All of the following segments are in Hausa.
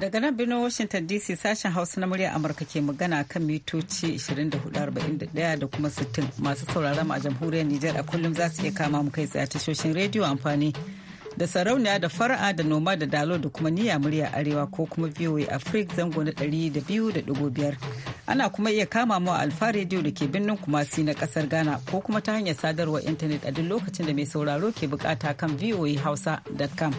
daga nan birnin washington dc sashen hausa na muryar amurka ke magana kan mitoci 2441 da kuma 60 masu sauraron a jamhuriyar nijar a kullum za su iya kama mu kai tsaye tashoshin rediyo amfani da sarauniya da fara'a da noma da dalo da kuma niyya murya arewa ko kuma voa afrik zango na ɗari da da biyu biyar ana kuma iya kama mu alfa rediyo da ke birnin kumasi na ƙasar ghana ko kuma ta hanyar sadarwar intanet a duk lokacin da mai sauraro ke bukata kan voahausa.com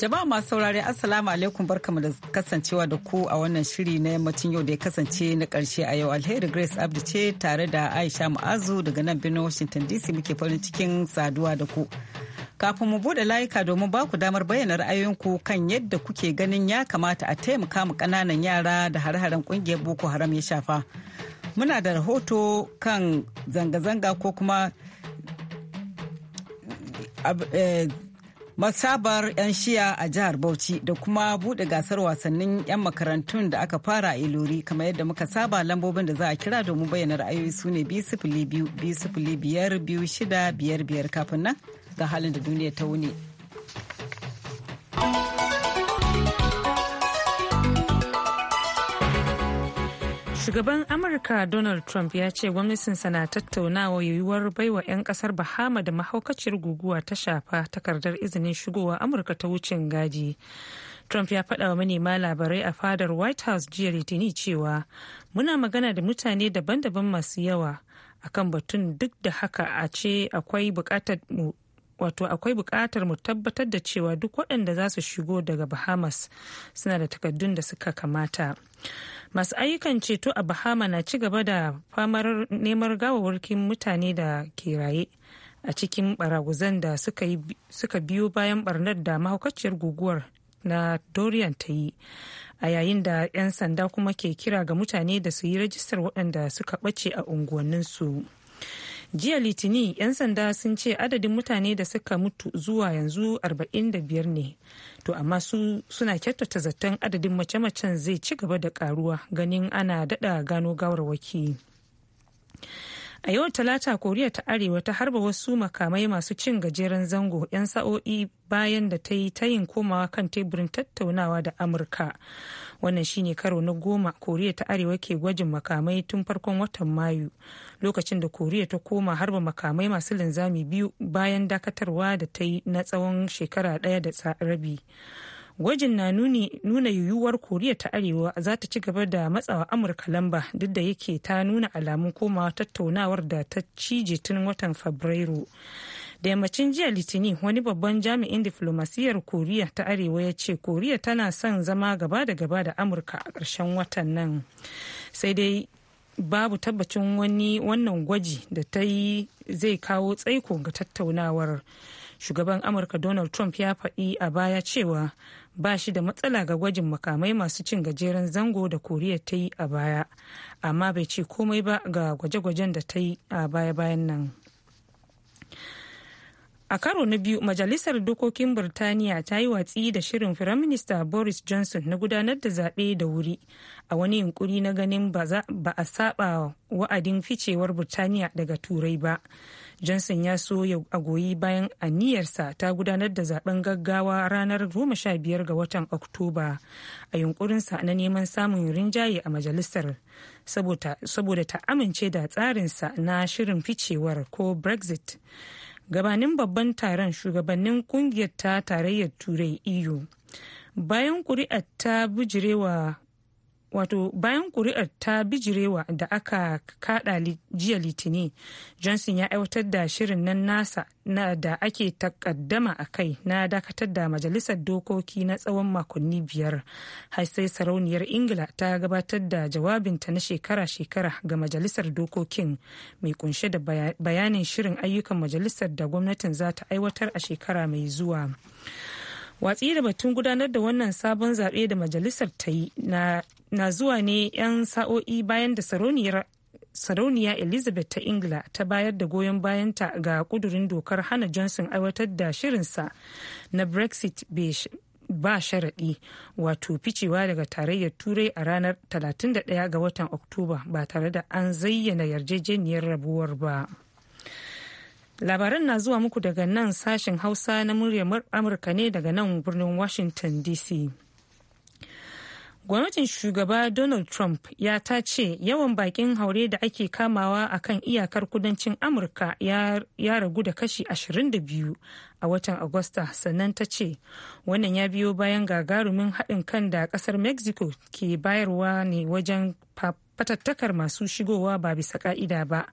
Jama'a masu saurare Assalamu alaikum barkamu da kasancewa da ku a wannan shiri na yammacin yau da ya kasance na karshe a yau alheri Grace Abdi ce tare da Aisha ma'azu daga nan birnin Washington DC muke farin cikin saduwa da ku. Kafin mu bude layuka domin ba ku damar bayyana ra'ayoyinku kan yadda kuke ganin ya kamata a taimaka mu kananan yara da hare-haren kungiyar Boko Haram ya shafa. Muna da rahoto kan zanga-zanga ko kuma eh, masabar 'yan shiya a jihar Bauchi da kuma buɗe gasar wasannin 'yan makarantun da aka fara a Ilori kamar yadda muka saba lambobin da za a kira domin bayyana ra'ayoyi su ne biyu biyar biyu shida biyar biyar kafin nan ga halin da duniya ta wuni. Shugaban Amurka Donald Trump ya ce gwamnatinsa na tattaunawa yiwuwar baiwa 'yan kasar Bahama da mahaukaciyar guguwa ta shafa takardar izinin shigowa Amurka ta wucin gaji. Trump ya faɗa wa manema labarai a fadar White House jiya Litini cewa muna magana da mutane daban-daban masu yawa akan batun duk da haka a ce akwai bukatar mu wato akwai bukatar mu tabbatar da cewa duk waɗanda za su shigo daga bahamas suna da takaddun da suka kamata masu ayyukan ceto a bahama na ci gaba da famar neman gawawarkin mutane da ke raye a cikin baraguzan da suka biyo bayan barnar da mahaukaciyar guguwar na dorian ta yi a yayin da 'yan sanda kuma ke kira ga mutane da su yi rajistar waɗanda suka ɓace a unguwanninsu. jiya litinin 'yan sanda sun ce adadin mutane da suka mutu zuwa yanzu 45 ne to amma su suna kyautata zaton adadin mace-macen zai ci gaba da karuwa ganin ana dada gano gawarwaki a yau talata koriya ta arewa ta harba wasu makamai masu cin gajeren zango 'yan sa'o'i bayan da ta yi tayin komawa kan teburin tattaunawa da amurka wannan shine karo na goma koriya ta arewa ke gwajin makamai tun farkon watan mayu lokacin da koriya ta koma harba makamai masu linzami biyu bayan dakatarwa da ta yi na tsawon shekara ɗaya da rabi gwajin na nuna yiwuwar koriya ta arewa za ta ci gaba da matsawa amurka lamba duk da yake ta nuna alamun komawa tattaunawar da ta cije tun watan fabrairu da yammacin jiya litinin wani babban jami'in diflomasiyyar koriya ta arewa ya ce koriya tana son zama gaba da gaba da amurka a ƙarshen watan nan sai dai babu tabbacin wani wannan gwaji da ta yi zai kawo tsaiko ga tattaunawar shugaban amurka donald trump ya faɗi a baya cewa ba shi da matsala ga gwajin makamai masu cin gajeren zango da koriya ta yi a baya amma bai ce komai ba ga gwaje-gwajen da ta yi a baya-bayan nan a karo na biyu majalisar dokokin birtaniya ta yi watsi da shirin firaminista boris johnson na gudanar da zaɓe da wuri a wani yunkuri na ganin ba a saba wa'adin ficewar birtaniya daga turai ba johnson ya so a goyi bayan aniyarsa ta gudanar da zaben gaggawa ranar 15 ga watan oktoba a yunkurinsa na neman samun rinjaye a majalisar saboda ta amince da tsarinsa na shirin ficewar ko brexit gabanin babban taron shugabannin kungiyar ta tarayyar turai eu bayan kuri'ar ta bijirewa wato bayan kuri'ar ta bijirewa da aka kada jiya litinin johnson ya aiwatar da shirin nan nasa na da ake takaddama a kai na dakatar da majalisar dokoki na tsawon makonni biyar har sai sarauniyar ingila ta gabatar da jawabinta na shekara-shekara ga majalisar dokokin mai kunshe da bayanin shirin ayyukan majalisar da gwamnatin za ta aiwatar a shekara mai zuwa watsi da batun gudanar da wannan sabon zaɓe da majalisar ta yi na na zuwa ne 'yan sa'o'i bayan da sarauniya elizabeth ta ingila ta bayar da goyon bayanta ga kudurin dokar hana johnson aiwatar da shirinsa na brexit ba sharaɗi wato ficewa daga tarayyar turai a ranar 31 ga watan oktoba ba tare da an zayyana yarjejeniyar rabuwar ba labaran na zuwa muku daga nan sashen hausa na muryar amurka ne daga nan birnin washington dc gwamnatin shugaba donald trump ya ta ce yawan bakin haure da ake kamawa a kan iyakar kudancin amurka ya ragu da kashi 22 a watan agusta sannan ta ce wannan ya biyo bayan gagarumin haɗin kan da ƙasar mexico ke bayarwa ne wajen fatattakar masu shigowa ba bisa ƙa'ida ba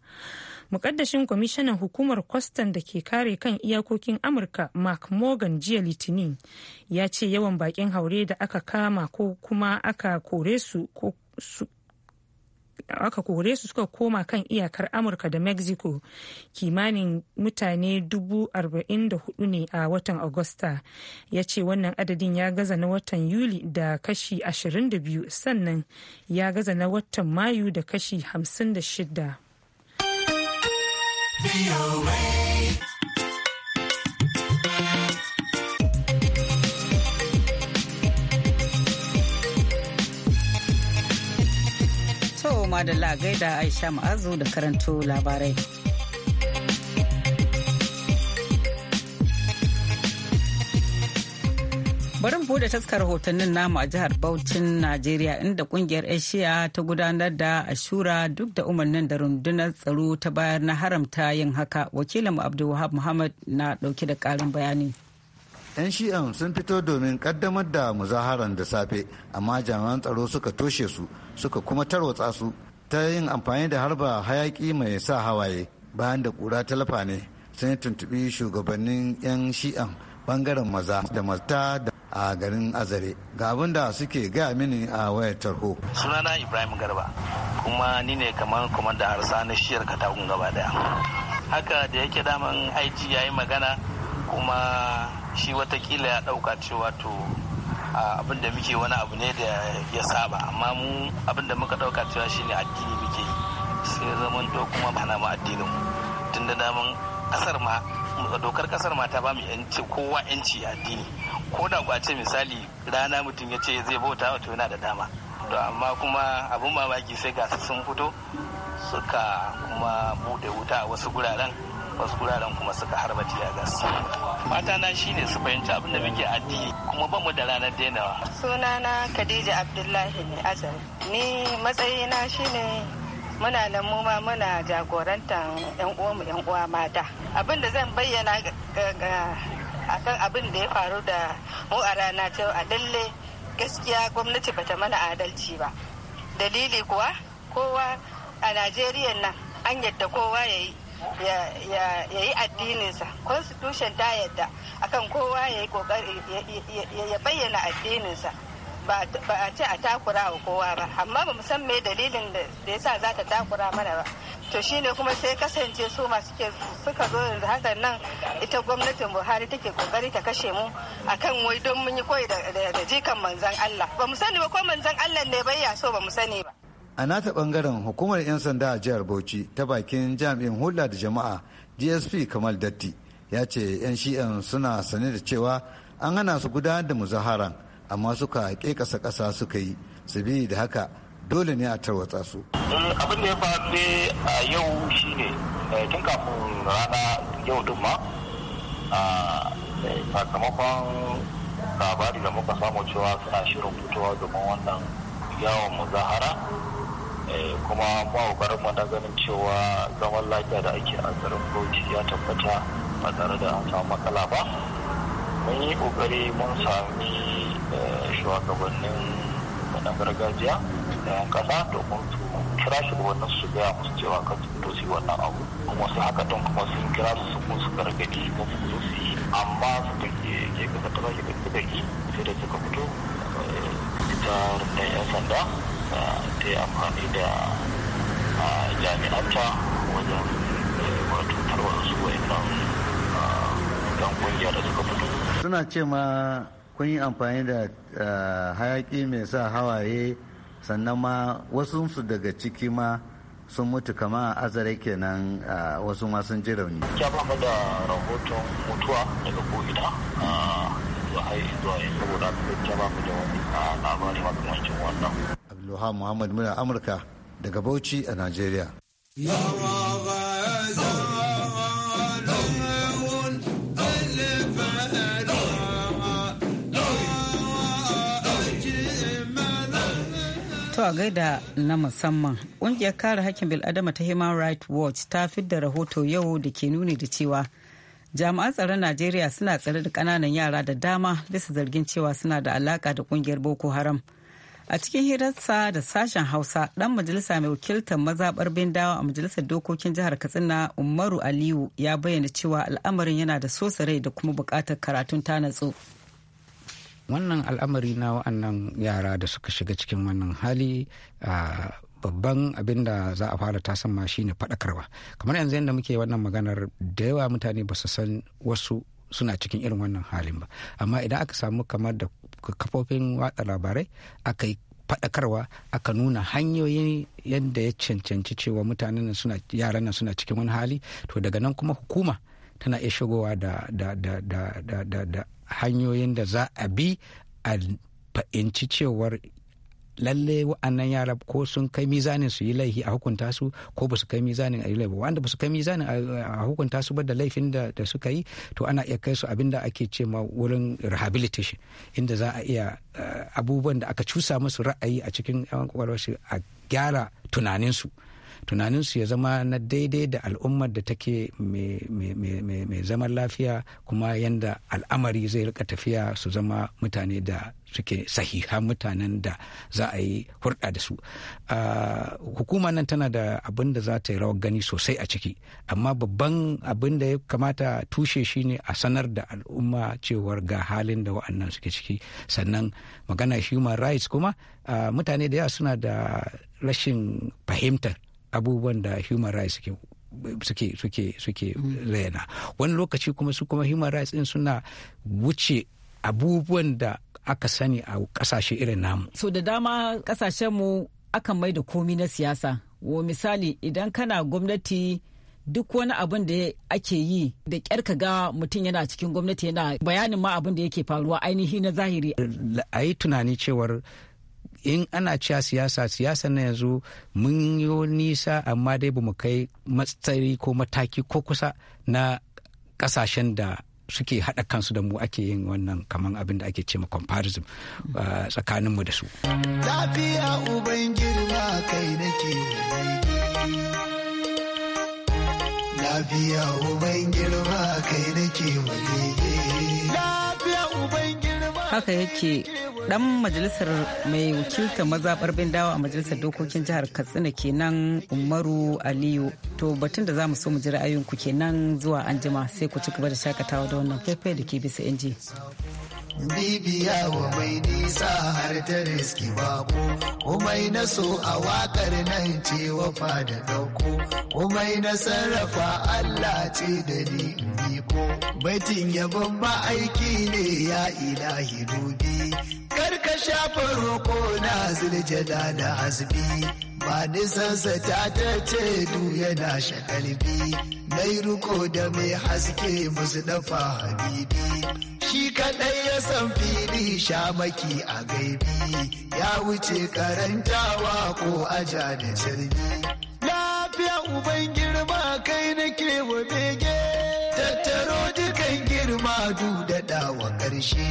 mukaddashin kwamishinan hukumar kwastan da ke kare kan iyakokin amurka mark morgan jiya litinin ya ce yawan bakin haure da aka kama ko kuma aka kore su ko su aka kore su suka koma kan iyakar amurka da mexico kimanin mutane dubu ne a watan agusta ya ce wannan adadin ya gaza na watan yuli da kashi 22 sannan ya gaza na watan mayu da kashi 56. To, madalla gaida Aisha Ma'azu da karanto labarai. Barin bude taskar hotunan namu a jihar Bauchin, Najeriya inda kungiyar Asia ta gudanar da ashura duk da umarnin da rundunar tsaro ta bayar na haramta yin haka. Wakilinmu Abdulwahab Muhammad na dauke da karin bayani. 'yan shi'an sun fito domin ƙaddamar da muzaharan da safe amma jami'an tsaro suka toshe su suka kuma tarwatsa su ta yin amfani da harba hayaki mai sa hawaye bayan da kura talafa ne sun tuntuɓi shugabannin 'yan shi'an bangaren maza da mata da a garin azare ga abin da suke gaya mini a wayar tarho sunana ibrahim garba kuma ni ne kamar da harsa na shiyar katakun gaba daya haka da yake daman aiki ya yi magana kuma shi watakila ya dauka cewa to abin da muke wani abu ne da ya saba amma mu abin da muka dauka cewa shine addini muke sai zaman to kuma ba na mu addinin tun da daman kasar ma dokar kasar mata, ba mu yanci kowa yanci addini ko da ku ce misali rana mutum ya ce zai bauta wato yana da dama to amma kuma abun mamaki sai ga sun fito suka kuma bude wuta a wasu guraren wasu guraren kuma suka harba tiya gas mata na shine su fahimci abin da muke addini kuma ba mu da ranar dainawa sunana khadija abdullahi ne azari ni matsayina shine muna nan mu ma muna jagorantar yan mu yan uwa mata abin da zan bayyana akan abin da ya faru da mu a rana ta a lalle gaskiya gwamnati bata mana adalci ba dalili kuwa kowa a najeriya nan an yadda kowa ya yi ya yi addininsa constitution ta yadda akan kowa ya yi ya bayyana addininsa ba a ce a takura wa kowa ba amma ba san me dalilin da ya sa za ta takura mana ba to shine kuma sai kasance su masu ke suka zo yanzu hakan nan ita gwamnatin buhari take kokari ta kashe mu akan wai don mun yi koyi da jikan manzan allah ba mu sani ba ko manzan allah ne bai ya so ba mu sani ba a nata bangaren hukumar 'yan sanda a jihar bauchi ta bakin jami'in hulɗa da jama'a gsp kamal datti ya ce 'yan shi'an suna sane da cewa an hana su gudanar da muzaharan amma suka haƙe ƙasa ƙasa suka yi sabili da haka dole ne a tarwatsa su. abin da ya faru ne a yau ne eh, tun kafin rana yau din ma a eh, sakamakon labari da muka samu cewa suna shirin fitowa domin wannan yawon muzahara eh, kuma ma mu na ganin cewa zaman lafiya da ake a garin bauchi ya tabbata ba tare da an samu matsala ba mun yi kokari mun sami shugabannin na gargajiya na yan kasa domin su kira shi shugabannin su gaya musu cewa ka su su wannan abu kuma su haka don kuma sun kira su su su gargadi ko su zo su yi amma su ta ke ke kasa ta ke kasa da yi sai da suka fito eh, ita da yan sanda eh, ta yi amfani da eh, jami'anta wajen wato tarwa su wa'in nan dan kungiya da suka fito. suna ce ma kun yi amfani da eh, hayaki mai sa hawaye sannan ma wasu su daga ciki ma sun mutu kama a azare kenan eh, wasu ma sun ji rauni. Ya ba da rahoton mutuwa daga ko'ina eh, zuwa hai zuwa yin saboda ya ba da wani labari makamancin wannan. Abdullahi Muhammad muna Amurka daga Bauchi a Najeriya. Yawa zuwa gaida na musamman ƙungiyar kare hakkin bil'adama ta human rights watch ta fidda rahoto yau da ke nuni da cewa jami'an tsaron najeriya suna tsare da kananan yara da dama bisa zargin cewa suna da alaka da ƙungiyar boko haram a cikin hirarsa da sashen hausa dan majalisa mai wakiltar mazaɓar bindawa a majalisar dokokin jihar katsina umaru aliyu ya bayyana cewa al'amarin yana da sosa rai da kuma buƙatar karatun tanatsu. natsu. wannan al'amari na wa'annan yara da suka shiga cikin wannan hali babban abin da za a fara tasan ma shine faɗakarwa kamar yanzu yadda muke wannan maganar da yawa mutane ba su san wasu suna cikin irin wannan halin ba amma idan aka samu kamar da kafofin watsa labarai aka yi faɗakarwa aka nuna hanyoyi yadda ya cancanci cewa mutanen suna yaran nan suna cikin wani hali to daga nan kuma hukuma tana iya shigowa da hanyoyin da za a bi a fa'inci cewar lalle wa'annan yara ko sun kai mizanin su yi laifi a hukunta su ko ba su kai mizanin a yi laifi wanda ba su kai mizanin a hukunta su ba da laifin da suka yi to ana iya kai su abin da ake ce ma wurin rehabilitation inda za a iya eh, abubuwan da aka cusa musu ra'ayi a cikin yan kwakwalwar a gyara tunaninsu tunaninsu ya zama na daidai da al'ummar da take mai zaman lafiya kuma yadda al'amari zai rika tafiya su zama mutane da suke sahihan mutanen da za a yi hurɗa da su ah, hukuma nan tana da abin da za ta yi rawar gani sosai a ciki amma babban abin da ya kamata tushe shi ne a sanar da al'umma cewar ga halin da wa'annan suke ciki sannan magana human rights kuma ah, mutane da yawa suna da rashin fahimtar abubuwan da human rights suke suke suke suke zayyana mm. wani lokaci kuma su kuma human rights din suna wuce abubuwan da aka sani a kasashe irin namu so da dama kasashen mu akan mai da komi na siyasa wa misali idan kana gwamnati duk wani abin da ake yi da kyar ka ga mutum yana cikin gwamnati yana bayanin ma abin da yake faruwa ainihi na zahiri a yi tunani cewar in ana cewa siyasa siyasa na yanzu mun yi nisa amma dai ba mu kai matsari ko mataki ko kusa na kasashen da suke haɗa kansu da mu ake yin wannan kaman abin da ake ce ma comparison uh, tsakanin mu da su. Lafiya uban kai nake Lafiya uban kai nake Lafiya haka yake dan majalisar mai wakilta barbin bindawa a majalisar dokokin jihar katsina kenan umaru aliyu to batun da za mu so mu ji ra'ayinku kenan zuwa anjima sai ku ci gaba da shakatawa da wannan faifai da ke bisa inji. bibiya wa mai nisa har ta riski bako kumai na so a wakar nan ce wafa da dauko kumai na sarrafa Allah ce da ni biko baitin yabon ma'aiki ne ya ilahi dubi karka shafa roko na ziljada da azbi ba nisansa ta ta ce du yana shakalbi mai ruko da mai haske musu dafa habibi shi kaɗai ya san fili shamaki a gaibi ya wuce karantawa ko aja da jirgi lafiya uban girma kai nake wa bege tattaro dukan girma dudada wa ƙarshe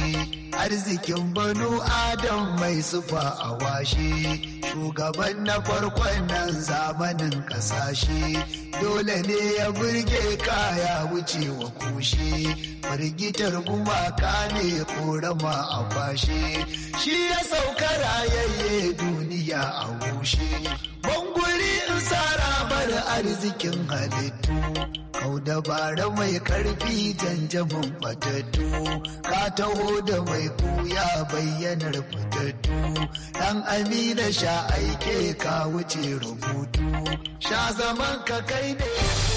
arzikin banu adam mai sufa a washe shugaban na farkon nan zamanin ƙasashe dole ne ya burge kaya wuce wa kushe firgitar gumaka ne korama a kwashe shi ya sauka rayayye duniya a wushe banguri in tsara bar arzikin halittu kau dabara mai karfi janjamin fatattu ka taho da mai kuya bayyanar fatattu dan amina sha aike ka wuce rubutu sha zaman ka kai ne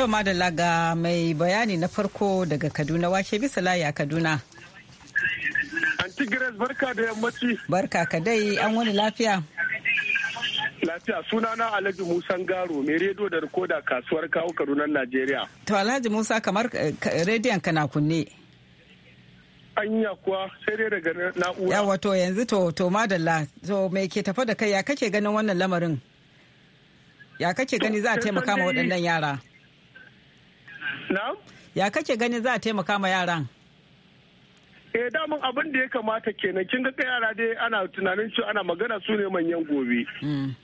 To Madala ga mai bayani na farko daga Kaduna wake bisa layi a Kaduna. Anti Grace barka da yammaci. Barka ka dai an wani lafiya. Lafiya sunana Alhaji Musa Garo mai rediyo da rikoda kasuwar kawo Kaduna Najeriya. To Alhaji Musa kamar eh, rediyon ka na kunne. Anya kuwa sai dai daga na'ura. Yawa to yanzu to to madalla to me ke tafa da kai ya kake ganin wannan lamarin? Ya kake gani za a taimaka ma waɗannan yara? Na'am? Ya kake gani za a taimaka ma yaran? eh damun abin da ya kamata kenan kin ga yara dai ana tunanin su ana magana su ne manyan gobe hmm.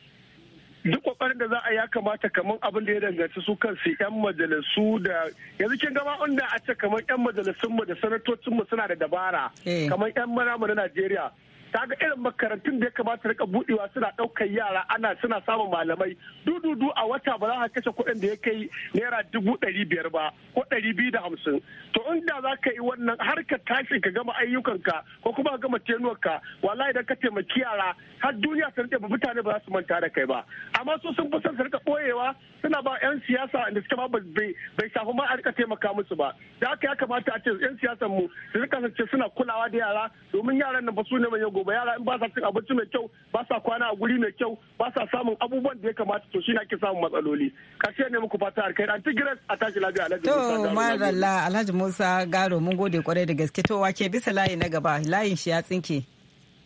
duk kokarin da za a ya kamata kamar abin da ya danganci su su yan majalisu da yanzu kin gama inda a ce kamar yan majalisun mu da sanatocin mu suna da dabara eh. kamar yan mu na Najeriya kaga irin makarantun da ya kamata rika buɗewa suna daukar yara ana suna samun malamai dududu a wata ba za ka kashe kuɗin da ya kai naira dubu ɗari biyar ba ko ɗari biyu da hamsin to inda za ka yi wannan har ka tashi ka gama ayyukanka ko kuma ka gama tenuwarka wallahi idan ka taimaki yara har duniya ta rike mutane ba za su manta da kai ba amma su sun fi son su rika ɓoyewa suna ba 'yan siyasa da suka ma bai shafi ma a rika taimaka musu ba da haka ya kamata a ce 'yan siyasan mu su rika suna kulawa da yara domin yaran nan ba su ne manyan gobe yara in ba sa cin abinci mai kyau ba sa kwana a guri mai kyau ba sa samun abubuwan da ya kamata to shine ake samun matsaloli karshe ne muku fata alkai anti grace a tashi lafiya alhaji musa to madalla alhaji musa garo mun gode kwarai da gaske to wake bisa layi na gaba layin shi ya tsinke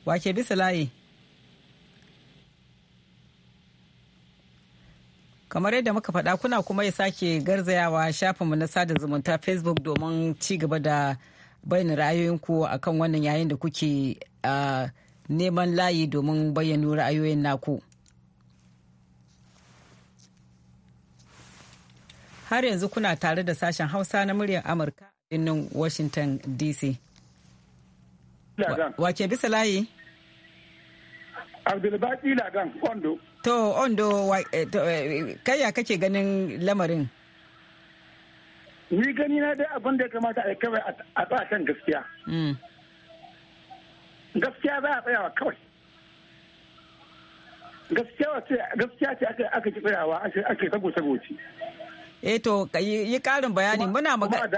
wake bisa layi kamar yadda muka faɗa kuna kuma ya sake garzayawa shafinmu na sada zumunta facebook domin ci gaba da bayyana ra'ayoyinku akan wannan yayin da kuke neman layi domin bayyana ra'ayoyin naku. Har yanzu kuna tare da sashen Hausa na muryar Amurka birnin Washington DC. Wake bisa layi? Abdulbaki Lagan, Ondo. To, Ondo, eh, eh, kaya kake ganin lamarin? Ni gani na dai abin da ya kamata a kawai a tsashen gaskiya. Mm. gaskiya za a tsayawa kawai gaskiya ce aka ki tsayawa ake sagoce-goce eh to yi karin bayani muna magana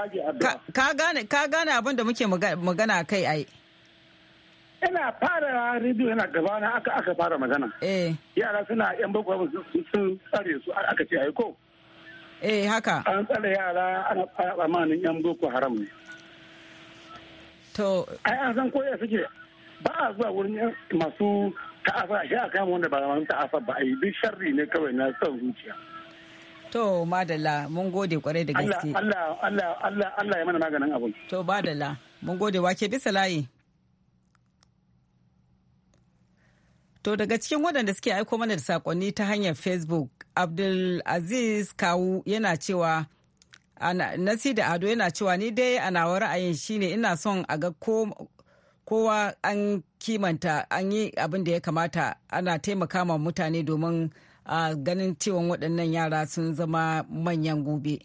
ka gane abin da muke magana kai ai ina fara rediyo yana gaba na aka aka fara magana eh yara suna yan bakwai sun tsare su aka ce ai ko eh haka an tsare yara ana fara tsammanin yan boko haram ne to ai an san koya suke ba a zuwa wurin masu ta'asa a sha a kan wanda ba masu ta'asa ba a yi duk sharri ne kawai na son zuciya. To madalla mun gode kwarai da gaske. Allah Allah Allah Allah ya mana maganin abun. To madalla mun gode wake bisa layi. To daga cikin waɗanda suke aiko mana da sakonni ta hanyar Facebook, Abdul Aziz Kawu yana cewa Nasi da Ado yana cewa ni dai a nawa ra'ayin shine ina son a ga kowa an kimanta an yi abin da ya kamata ana taimaka ma mutane domin uh, ganin cewa waɗannan yara sun zama manyan gobe.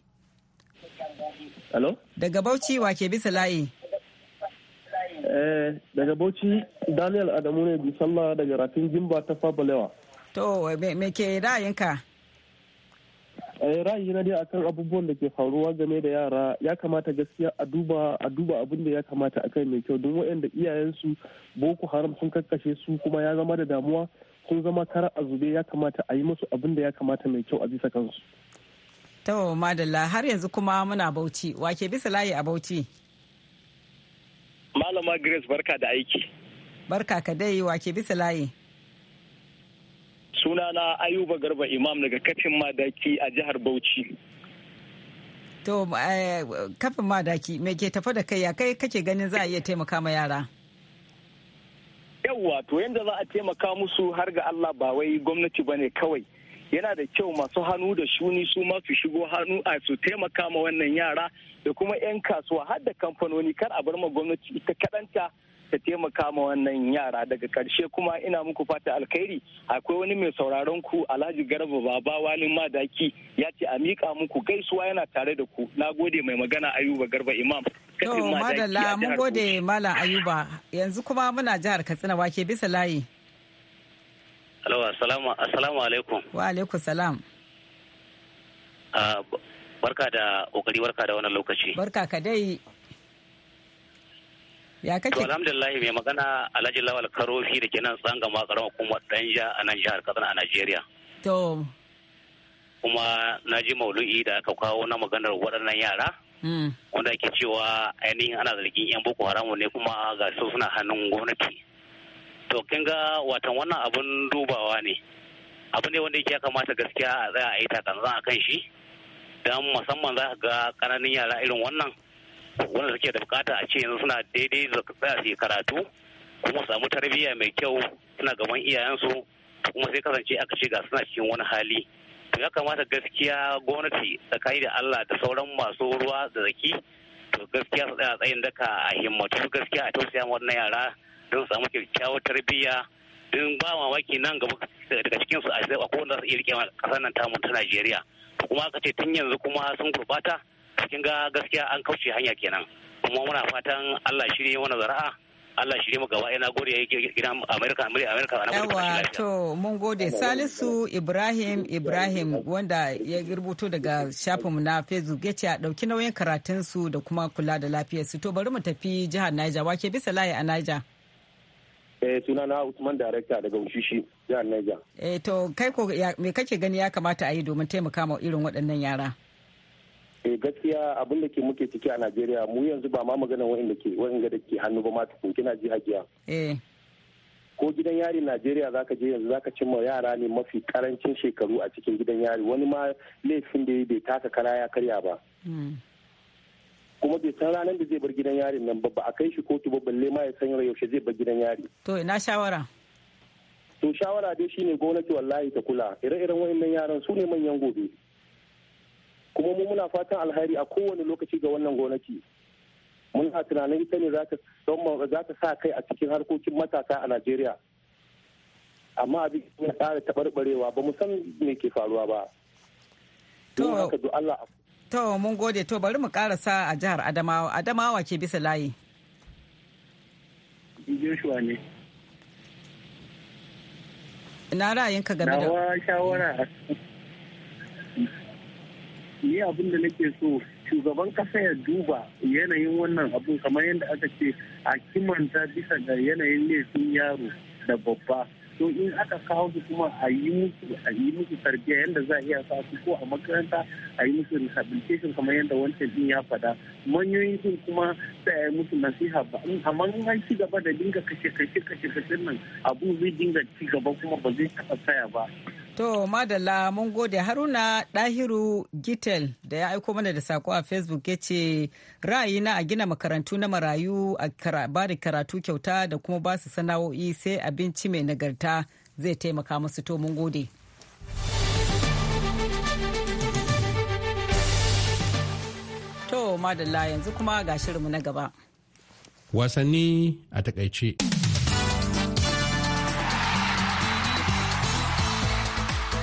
Daga Bauchi wa ke bisa layi? Eh, daga Bauchi Daniel Adamu ne bisalla daga Rafin Jimba ta Fabalewa. To, me ke ra'ayinka? Eh, ra'ayi na dai akan abubuwan da ke faruwa game da yara ya kamata gaskiya a duba a duba abin da ya kamata akai mai kyau don waɗanda iyayensu boko haram sun kakkashe su kuma ya zama da damuwa sun zama kara a zube ya kamata a yi musu abin da ya kamata mai kyau a bisa kansu. To madalla har yanzu kuma muna bauchi wake bisa layi a bauchi. Malama Grace barka da aiki. Barka ka dai wake bisa layi. sunana ayuba garba imam daga kafin madaki a jihar bauchi to eh, kafin madaki me ke tafa da kai ya kai kake ganin za a iya taimaka ma yara yawwa to yadda za a taimaka musu har ga allah ba wai gwamnati ba ne kawai yana da kyau masu hannu da shuni su ma su shigo hannu a su taimaka ma wannan yara da kuma 'yan kasuwa har da kamfanoni kar a bar ma gwamnati ita kadanta ta taimaka ma wannan yara daga karshe kuma ina muku fata alkhairi akwai wani mai sauraron ku alhaji garba baba walin madaki ya ce a miƙa muku gaisuwa yana tare da ku na gode mai magana ayuba garba imam to madalla mun gode malam ayuba yanzu kuma muna jihar katsina wake bisa layi Hello, assalamu alaikum. Wa alaikum salam. Ah, barka da kokari barka da wannan lokaci. Barka ka dai. ya kake to mai magana Alhaji Lawal Karofi da ke nan tsanga ma karamar kuma danja a nan jihar Katsina a Najeriya to kuma na ji maulu'i da aka kawo na maganar waɗannan yara hmm. wanda ake cewa ainihin ana zargin yan boko haramu ne kuma ga su suna hannun gwamnati to kin ga watan wannan abun dubawa ne abu ne wanda yake ya kamata gaskiya a tsaya a yi zan a kan shi don musamman za ka ga ƙananan yara irin wannan wanda suke da bukata a ce yanzu suna daidai da tsaya su karatu kuma samu tarbiyya mai kyau suna gaban iyayensu kuma sai kasance aka ce ga suna cikin wani hali to ya kamata gaskiya gwamnati tsakani da Allah da sauran masu ruwa da zaki to gaskiya su tsaya tsayin daka a himmatu gaskiya a tausaya wannan yara don su samu kyakkyawar tarbiyya don ba mamaki nan gaba daga cikin su a ko wanda su iya rike kasar nan tamu ta Najeriya kuma aka ce tun yanzu kuma sun gurbata kin ga gaskiya an kauce hanya kenan kuma muna fatan Allah shirye mana zara'a Allah shirye mu gaba ina gode yake gidan America America ana gode yawa to mun gode Salisu Ibrahim Ibrahim wanda ya rubuto daga shafin mu na Facebook yace a dauki nauyin karatun su da kuma kula da lafiyar su to bari mu tafi jihar Niger wake bisa layi a Niger Eh suna na Usman Director daga Ushishi jihar Niger. Eh to kai ko me kake gani ya kamata a yi domin taimaka ma irin waɗannan yara? eh gaskiya abin da ke muke ciki a Najeriya mu yanzu ba ma magana wa'inda ke wa'inda da ke hannu ba ma tukun kina ji hajiya eh. ko gidan yari Najeriya zaka je yanzu zaka ma yara ne mafi karancin shekaru a cikin gidan yari wani ma laifin da bai taka kara ya karya ba hmm. kuma bai san ranar da zai bar gidan yarin nan ba ba a kai shi kotu ba balle ma ya san yaushe zai bar gidan yari to ina shawara to shawara dai shine gwamnati wallahi ta kula ire-iren wayannan yaran su ne manyan gobe kuma mu muna fatan alhari a kowane lokaci ga wannan gwamnati muna tunanin ita ne za ta sa kai a cikin harkokin matasa a najeriya amma abin ya ƙara taɓarɓarewa ba mu san me ke faruwa ba to mun gode to bari mu karasa a jihar Adamawa Adamawa ke bisa layi ina ra'ayinka game da shawara ni abin da nake so shugaban kasa ya duba yanayin wannan abu kamar yadda aka ce a kimanta bisa ga yanayin laifin yaro da babba to in aka kawo su kuma a yi musu a yi musu tarbiyya yadda za a iya sa su ko a makaranta a yi musu rehabilitation kamar yadda wancan din ya faɗa manyoyin sun kuma sai a yi musu nasiha ba amma in an ci gaba da dinga kashe kashe kashe kashe nan abu zai dinga ci gaba kuma ba zai taɓa tsaya ba To madalla mun gode Haruna Ɗahiru Gitel da ya aiko mana da sako a Facebook ya ce ra'ayina a gina makarantu na marayu a ba da karatu kyauta da kuma ba su sana'o'i sai abinci mai nagarta zai taimaka musu to mun gode. To madalla yanzu kuma ga shirinmu na gaba. Wasanni a takaice.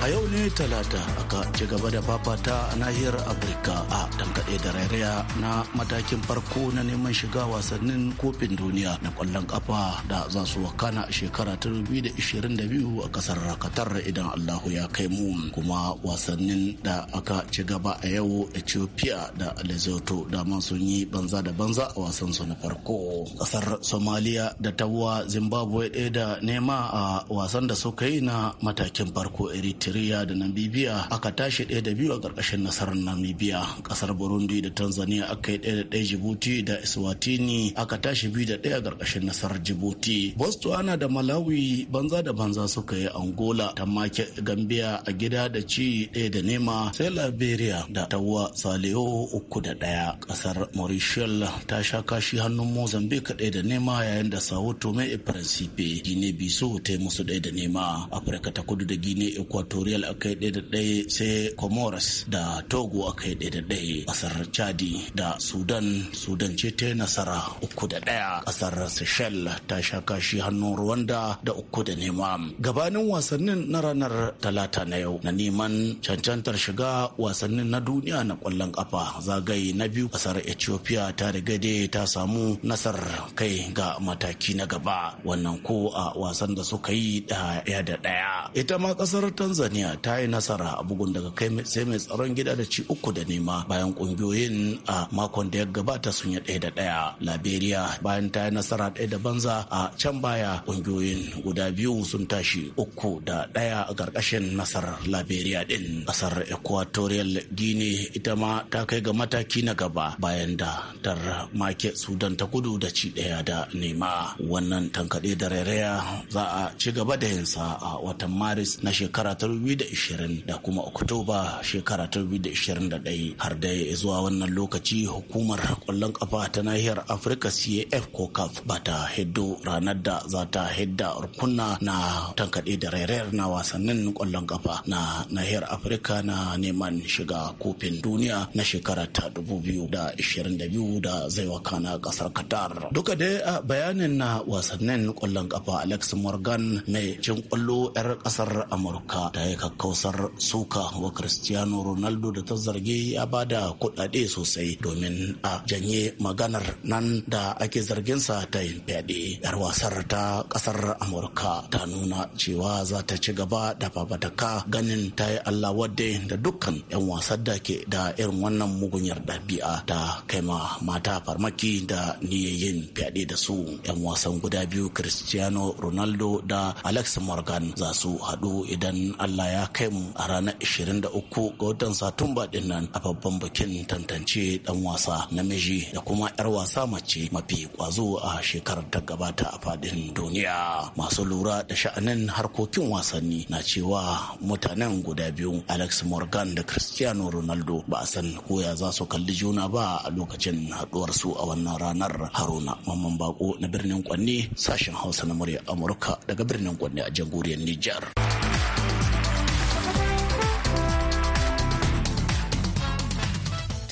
a yau ne talata aka ci gaba da fafata a nahiyar afirka a dankaɗe da rairaya na matakin farko na neman shiga wasannin kofin duniya na kwallon kafa da za su wakana a shekara ta 2022 a kasar rakatar idan allahu ya kai mu kuma wasannin da aka ci gaba a yau ethiopia da lesotho dama sun yi banza da banza a wasan su na farko kasar somalia da tawa zimbabwe ɗaya da nema a wasan da suka yi na matakin farko eritrea najeriya da namibia aka tashi ɗaya da biyu a ƙarƙashin nasarar namibia ƙasar burundi da tanzania aka yi ɗaya da ɗaya jibuti da Eswatini aka tashi biyu da ɗaya a ƙarƙashin nasarar jibuti botswana da malawi banza da banza suka yi angola ta make gambia a gida da ci ɗaya da nema sai liberia da tawa saleo uku da ɗaya ƙasar mauritius ta sha kashi hannun mozambique ɗaya da nema yayin da sao tome e principe guinea bisu ta yi musu ɗaya da nema afirka ta kudu da guinea equatorial equatorial aka yi da ɗaya sai comoros da togo aka yi da ɗaya ƙasar chadi da sudan sudan ce ta nasara uku da ɗaya ƙasar seychelles ta sha kashi hannun rwanda da uku da nema gabanin wasannin na ranar talata na yau na neman cancantar shiga wasannin na duniya na ƙwallon ƙafa zagaye na biyu ƙasar ethiopia ta riga ta samu nasar kai ga mataki na gaba wannan ko a wasan da suka yi ɗaya da ɗaya ita ma ƙasar tanzania birtaniya ta yi nasara a bugun daga kai sai mai tsaron gida da ci uku da nema bayan kungiyoyin a makon da ya gabata sun yi ɗaya da ɗaya liberia bayan ta yi nasara ɗaya da banza a can baya kungiyoyin guda biyu sun tashi uku da ɗaya a ƙarƙashin nasarar liberia ɗin ƙasar equatorial guinea ita ma ta kai ga mataki na gaba bayan da tar make sudan ta kudu da ci ɗaya da nema wannan tankaɗe da rairaya za a ci gaba da yinsa a watan maris na shekara ta 2020 da kuma oktoba shekara ta 2021 har da zuwa wannan lokaci hukumar kwallon kafa ta nahiyar afirka caf ko caf ba ta hiddo ranar da za ta hidda rukunna na tankaɗe da rairayar na wasannin kwallon kafa na nahiyar afirka na neman shiga kofin duniya na shekara ta 2022 da zai wakana kasar qatar duka dai a bayanin na wasannin kwallon kafa alex morgan mai cin kwallo 'yar kasar amurka ta ya yi kakkausar suka wa cristiano ronaldo da ta zargi ya da kuɗaɗe sosai domin a janye maganar nan da ake zarginsa ta yin fyaɗe yar wasar ta ƙasar amurka ta nuna cewa za ta ci gaba da fafataka ganin ta yi allah wadde da dukkan 'yan wasan da ke da irin wannan mugunyar ɗabi'a ta kai kaima mata farmaki da niyayin fyaɗe da su 'yan wasan guda biyu cristiano ronaldo da alex morgan za su haɗu idan allah Allah ya kai mu a ranar 23 ga watan Satumba din nan a babban bikin tantance dan wasa namiji da kuma yar wasa mace mafi kwazo a shekarar ta gabata a fadin duniya. Masu lura da sha'anin harkokin wasanni na cewa mutanen guda biyu Alex Morgan da Cristiano Ronaldo ba a san ko ya za su kalli juna ba a lokacin haduwar su a wannan ranar Haruna Mamman Bako na birnin Kwanne sashen Hausa na murya Amurka daga birnin Kwanne a jamhuriyar Nijar.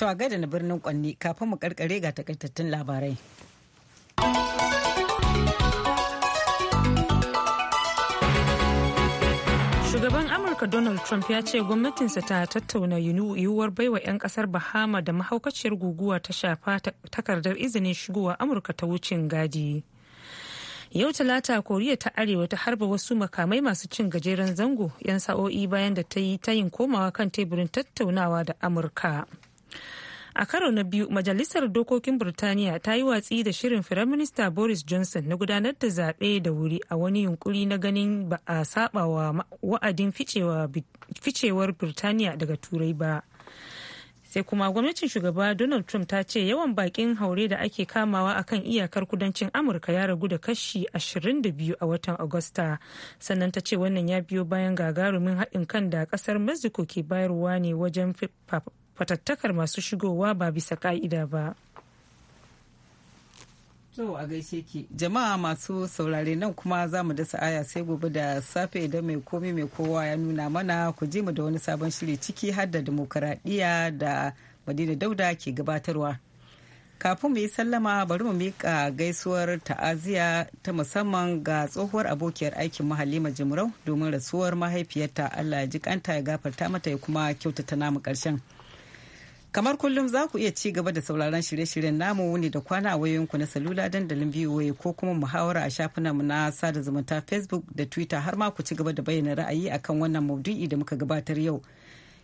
To a gaida na birnin Kwanni kafin mu karkare ga takaitattun labarai. Shugaban Amurka Donald Trump ya ce gwamnatinsa ta tattauna yiwuwar baiwa 'yan kasar Bahama da mahaukaciyar guguwa ta shafa takardar izinin shigowa Amurka ta wucin gadi. Yau Talata Koriya ta Arewa ta harba wasu makamai masu cin gajeren zango 'yan sa'o'i bayan da ta yi tayin komawa kan teburin tattaunawa da Amurka. a karo na biyu majalisar dokokin birtaniya ta yi watsi da shirin firaminista boris johnson na gudanar da zaɓe da wuri a wani yunkuri na ganin ba a saba wa wa'adin ficewar birtaniya daga turai ba sai kuma gwamnatin shugaba donald trump ta ce yawan bakin haure da ake kamawa akan iyakar kudancin amurka ya ragu da kashi 22 a watan agusta sannan ta ce wannan ya biyo bayan gagarumin haɗin kan da ƙasar mexico ke bayarwa ne wajen fatattakar masu shigowa ba bisa ka'ida ba. To a gaishe ki jama'a masu saurare nan kuma za mu dasa aya sai gobe da safe idan mai komi mai kowa ya nuna mana ku je mu da wani sabon shiri ciki har da demokaradiyya da madina dauda ke gabatarwa. Kafin mu yi sallama bari mu miƙa gaisuwar ta'aziya ta musamman ga tsohuwar abokiyar aikin mahalima jimrau domin rasuwar mahaifiyarta Allah ya ji kanta ya gafarta mata ya kuma kyautata namu ƙarshen. Kamar kullum za ku iya ci gaba da sauraron shirye-shiryen namu wuni da kwana a wayoyinku na salula dandalin VOA ko kuma muhawara a shafinanmu na sada zumunta Facebook da Twitter har ma ku ci gaba da bayyana ra'ayi akan wannan maudu'i da muka gabatar yau.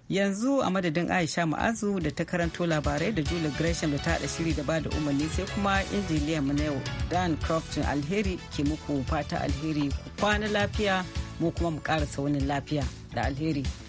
Yanzu a madadin Aisha Ma'azu da ta karanto labarai da Julie Gresham da ta haɗa shiri da bada umarni sai kuma injiniya mu na yau Dan Crofton Alheri ke muku fata alheri ku kwana lafiya mu kuma mu ƙarasa wani lafiya da alheri.